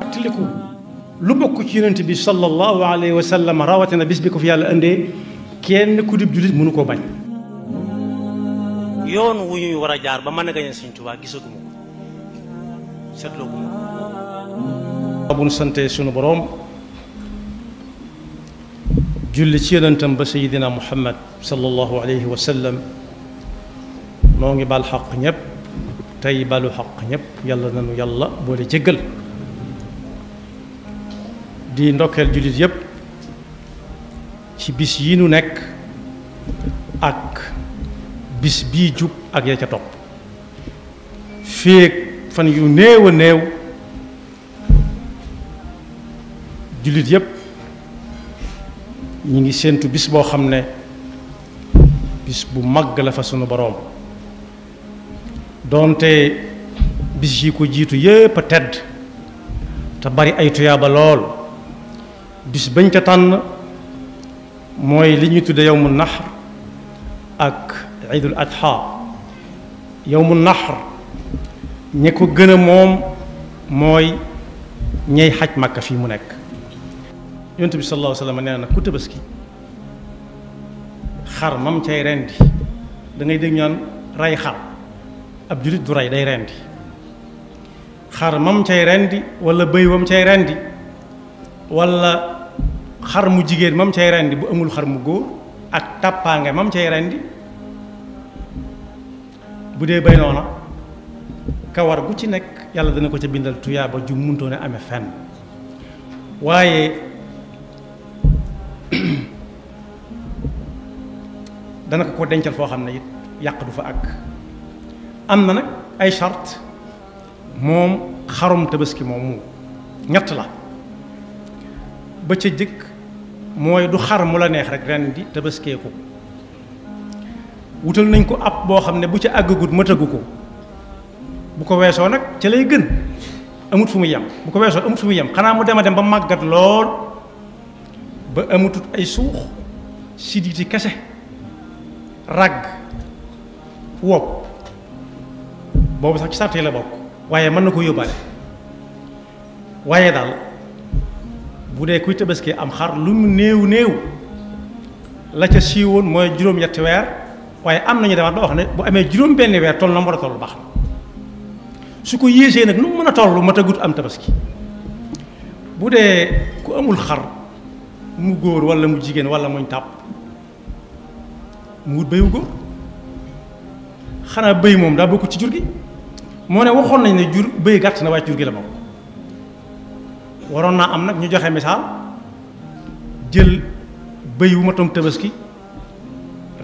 fàttaliku lu bokk ci yonent bi sallallahu alayhi wa sallam rawatina bis bi ko fi yàlla indee kenn ku dib jullit mënu koo bañ. yoon wu ñuy war a jaar ba mën a gañe Sëñ Tuubaa gisaguma ko seetlooguma ko. bu ñu sante sunu boroom julli ci yonentam ba Seydina Muhammad sallallahu alayhi wa sallam noo ngi baal xaq ñëpp tey baalu xaq ñëpp yàlla nanu yàlla boole jéggal. di ndokkeel jullit yépp ci bis yi nu nekk ak bis bii jub ak ya ca topp féeg fan yu néew a néew jullit yépp ñu ngi séentu bis boo xam ne bis bu màgg la fa sunu boroom doonte bis yi ko jiitu yépp a tedd te bari ay tuyaaba lool bis bañ ca tànn mooy li ñuy tudde yowmu naxr ak iidul adha yowmu naxr ñi ko gën a moom mooy ñey xaj màkka fii mu nekk yonent bi sallallahu alayhi wa sallam nee na ku tabaski xar mam cay rendi da ngay dégg ñaan rey xar ab julit du rey day rendi xar mam cay rendi wala bëy wam cay rendi wala xar mu jigéen mam cay rendi bu amul xar mu góor ak tàppaange mam cay rendi bu dee bay noona kawar gu ci nekk yàlla dana ko ca bindal tuyaaba ju muntoone ame fenn waaye dana ko ko dencal foo xam ne it yàq du fa ak am na nag ay charte moom xarum tabaski moom mu ñett la ba ca jëkk mooy du xar mu la neex rek ren di tabaskee ko wutal nañ ko ab boo xam ne bu ci àggagut matagu ko bu ko weesoo nag ci lay gën amut fu mu yem bu ko weesoo amut fu muy yem xanaa mu dem a dem ba màggat lool ba amutut ay suux siditi kese ràgg wopp boobu sax ci sàrt yi la bokk waaye mën na ko yóbbaale waaye daal bu dee kuy tabaski am xar lu mu néew néew la ca siiwoon mooy juróom-ñetti weer waaye am nañu demaat ba wax ne bu amee juróom-benni weer toll na mu war a baax na su ko yéesee nag lu mu mën a toll mat a gut am tabaski bu dee ku amul xar mu góor wala mu jigéen wala muñ tàpp mu wut béyu góor xanaa béy moom daa bokk ci jur gi moo ne waxoon nañ ne jur béy gàtt na waaye jur gi la bokk waroon naa am nag ñu joxe misaal jël bëy wu matum tabaski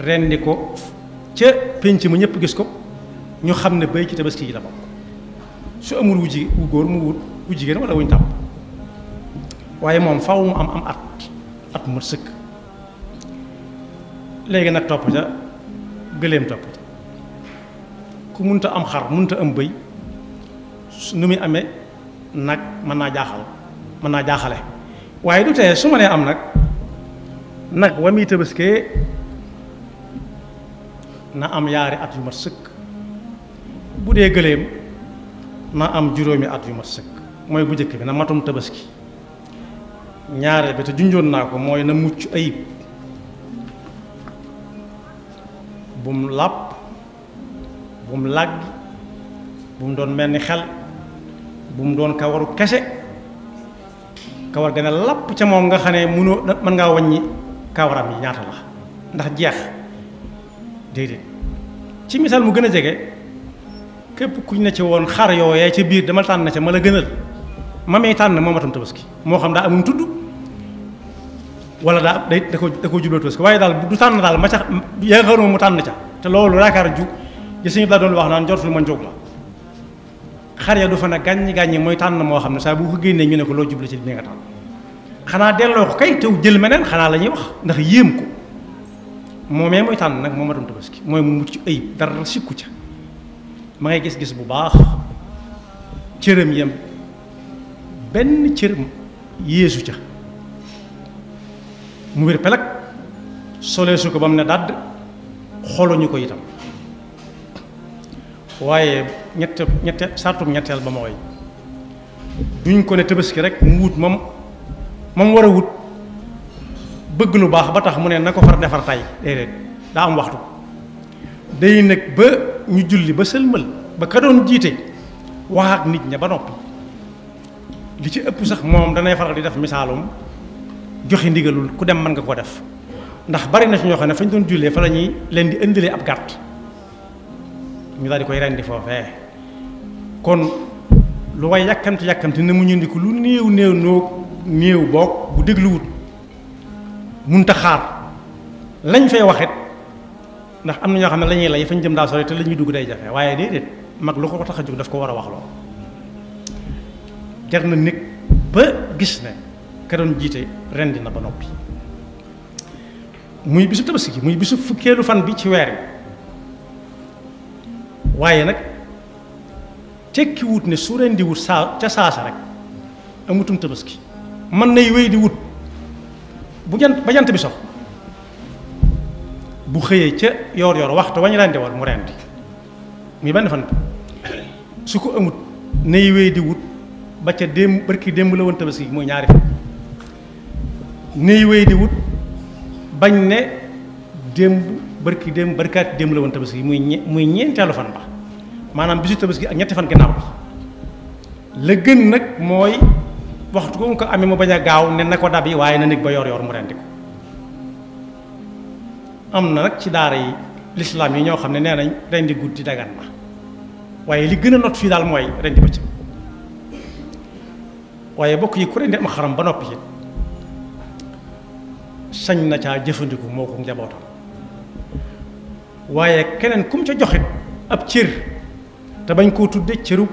rendi ko ca pénc ma ñëpp gis ko ñu xam ne bëy ci tabaski yi la bokk su amul wu ji wu góor mu wut wu jigéen wala wuñ tàmm waaye moom faw mu am am at at mu sëkk léegi nag topp ca gëléem topp ca ku munta am xar munta am bëy nu muy amee nag mën naa jaaxal mën naa jaaxale waaye du tee su ma nee am nag nag wa muy tabaskee na am yaari at yu mat sëkk bu dee gëléem na am juróomi at yu mat sëkk mooy bu njëkk bi na matum tabaski ñaareel bi te junjoon naa ko mooy na mucc ayib bum làpp bum làgg bum doon mel ni xel bum doon kawaru kese kawar gën a lapp ca moom nga xam ne mënoo mën ngaa wàññi kawaram yi ñaata la ndax jeex déedéet ci misaal mu gën a jege képp ñu ne ci woon xar yooyee ca biir dama tànn ca ma la gënal ma may tànn moo matam tabaski moo xam daa amum tudd wala daa day da ko da ko jubloo tabaski waaye daal du tànn daal ma ca yaakaaruma mu tànn ca te loolu yaakaar ju gi suñu daa doon wax naan jortul ma njóg la xar ya du fa ne gàññ gàññ mooy tànn moo xam ne saa bu ko génnee ñu ne ko loo jublu ci li nga tànn xanaa delloo ko kay te jël meneen xanaa la ñuy wax ndax yéem ko moomee mooy tànn nag moom ma moo matum tabaski mooy mu mucc ayib dara sikku ca ma ngay gis-gis bu baax cëram yam benn cëram yéesu ca mu wér pelag solee su ba mu ne dàdd xoluñu ko itam waye ñett ñett sartum ñettel ba moy duñ ko ne tebeski rek mu wut mom mom wara wut bëgg lu baax ba tax mu ne nako far defar tay dedet da am waxtu day nek ba ñu julli ba selmal ba ka doon jité wax ak nit ña ba noppi li ci ëpp sax da nay faral di def misalum joxe ndigalul ku dem man nga ko def ndax bari na ci ñoo fañ doon julle fa lañuy di ëndilé ab carte ñu daal di koy rendi foofee kon lu way yàkkamti yàkkamti na mu ñëndiku lu néew néew noo néew boog bu mun munta xaar lañ fay waxit ndax am na ñoo xam ne la ñuy lay fañ jëm daa sore te la dugg day jafe waaye déedéet mag lu ko tax a jóg daf ko war a wax loo jar na nekk ba gis ne ka jiite rendi na ba noppi muy bisu tabaski muy bisu fukkeelu fan bi ci weer yi waaye nag tekki wut ne su ren di wut saa ca saasa rek amutum tabaski man nay wéy di wut bu jant ba jant bi sox bu xëyee ca yoor yoor waxtu wañ rendi woon mu rendi muy benn fan su ko amut nay wéy di wut ba ca démb barki démb la woon tabaski muy ñaari fan nay wéy di wut bañ ne démb bërki dem barkaati dem la woon tabaski muy ñe muy ñeenteelu fan ba maanaam bisu tabaski ak ñetti fan ginnaaw bi la gën nag mooy waxtu ko ko amee mu bañ a gaaw ne na ko dab yi waaye na nekk ba yor-yor mu rendi ko am na nag ci daara yi lislaam yi ñoo xam ne nee nañ rendi guddi dagan na waaye li gën a not fii daal mooy rendi bëccëg waaye bokk yi ku rendi am xaram ba noppi it sañ na caa jëfandiku moo ko njabootam waaye keneen kum mu ca joxit ab cër te bañ koo tudde cërub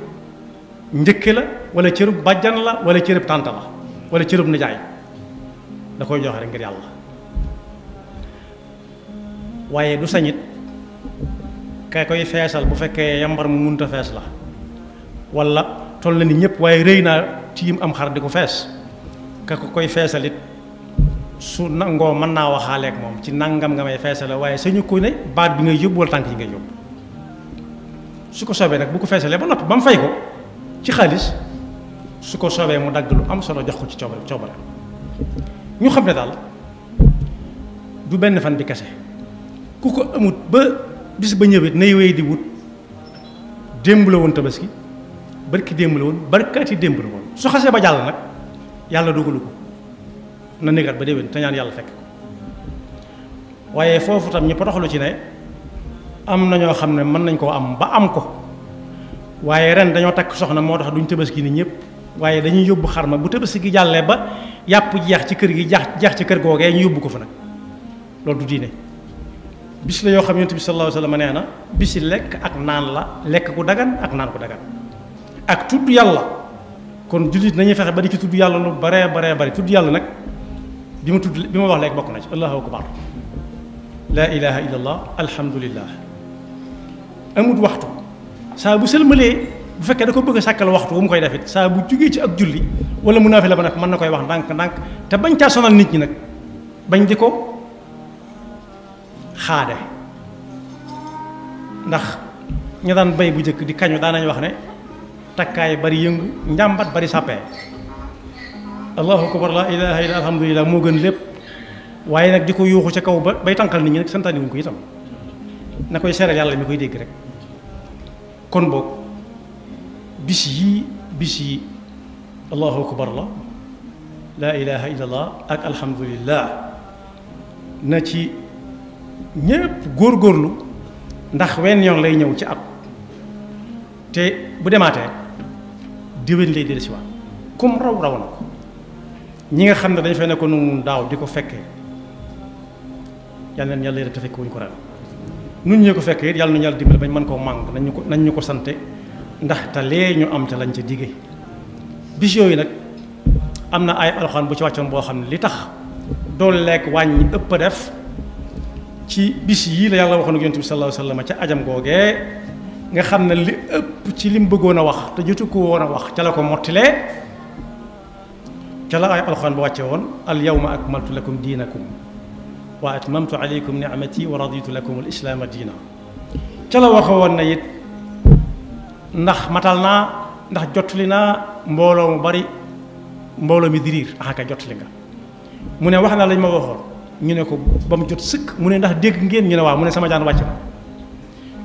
njëkke la wala cërub bàjjan la wala cërub tànt la wala cërub nijaay da koy joxe rek ngir yàlla waaye du sañit kay koy feesal bu fekkee yambar mu munta fees la wala toll la ni ñëpp waaye rëy naa tiim am xar di ko fees ka ko koy feesalit su nangoo mën naa waxaaleeg moom ci nangam nga may feesale waaye sañu ko ne baat bi ngay yóbbu tànk yi ngay yóbbu su ko soobee nag bu ko feesalee ba noppi ba mu fay ko ci xaalis su ko soobee mu dagg lu am solo jox ko ci coobare coobare ñu xam ne daal du benn fan bi kese ku ko amut ba bis ba ñëwee nay wéy di wut démb la woon tabaski ki démb la woon barkaati démb la woon su xasee ba jàll nag yàlla dogalu ko na negat ba dewen te ñaan yàlla fekk ko waaye tam ñu potoxlu ci ne am naño xamne man ne nañ ko am ba am ko waye ren dañu tak soxna mo tax duñ tebeski ni ñepp waye dañuy yobbu xarma ma bu tebeski jalle ba yap jeex ci kër gi jeex jeex ci kër goge ñu yobbu ko fa nak loolu du diine bis la yo xam yonent sallallahu alaihi wasallam neena bis lek ak naan la lek ku dagan ak naan ku dagan ak tuddu yalla kon julit nañu fexé ba di ci tuddu yalla lu bare bare bari tuddu yalla nak بما تود بما الله أكبر لا إله إلا الله الحمد لله أمد وقته سأبو سلم لي بفكر أنك بقى سكر الوقت وهم كايدا فيت سأبو تيجي تأك جولي ولا منافع لبنا كمان كايدا وقت نانك نانك تبان تاسونا نيجي نك بان ديكو خاده نخ ندان باي بوجك دي كانيو دانا يوخنه تكاي بري ينغ نجامبات بري سابه allahu akbar la ilaha illa alhamdulillah mo gën lepp waye nak diko yuxu ci kaw bay tankal nit ñi nak santani wuñ ko itam na koy mi koy dégg rek kon bok bis yi bis yi allahu akbar la la ilaha illa ak alhamdulillah na ci gor gorlu ndax wén yoon lay ñew ci ak te bu demaatee déwén lay dellusiwaat comme raw raw ñi nga xam ne dañ fay nekkoon daaw di ko fekkee yal na yàlla yële te ko ren nun ñee ko fekkee it yàlla nañu yàlla dimbali bañ mën koo màng nañ ñu ko nañ ñu ko sante ndax te lee ñu am ca lañ ca digge bis yooyu nag am na ay alxaan bu ci wàccoon boo xam ne li tax doo lekk wàññi ëpp a def ci bis yii la yàlla waxoon ak yonent bi sallallahu alayhi wa sallam ajam googee nga xam ne li ëpp ci mu bëggoon a wax te jotu ko woon a wax ca la ko mottilee جلا آية القرآن بواتيون اليوم أكملت لكم دينكم وأتممت عليكم نعمتي ورضيت لكم الإسلام دينا جلا وخوان نيت نخ متلنا نخ جوتلنا مولو مباري مولو مدرير أحاك جوتلنا مونة وحنا لما وخور ñu ne ko bam jot sëkk mu ne ndax dégg ngeen ñu ne waaw mu ne sama jaan wàcc na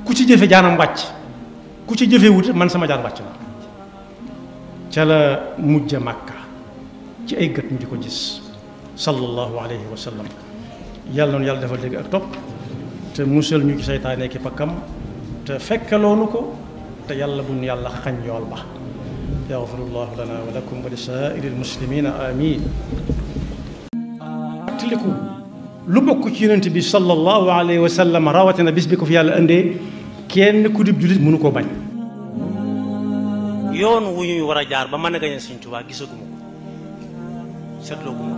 ku ci jëfe jaanam wàcc ku ci jëfe wut man sama jaan wàcc na ca la mujj makka ci ay gët ñu di ko gis sallallahu alayhi wa sallam yàlla noonu yàlla defal dégg ak topp te musal ñu ci seytaane ki pakkam te fekkaloonu ko te yàlla buñ yàlla xañ yool ba yaxfirullahu lana wa lakum wa li saairi almuslimina amin tiliku lu ci yonent bi sallallahu alayhi wa sallam rawatina bis bi ko fi yàlla indee kenn ku dib jullit mënu ko bañ yoon wu ñuy war a jaar ba mën a gañe Sëñ Tuubaa gisaguma chất lục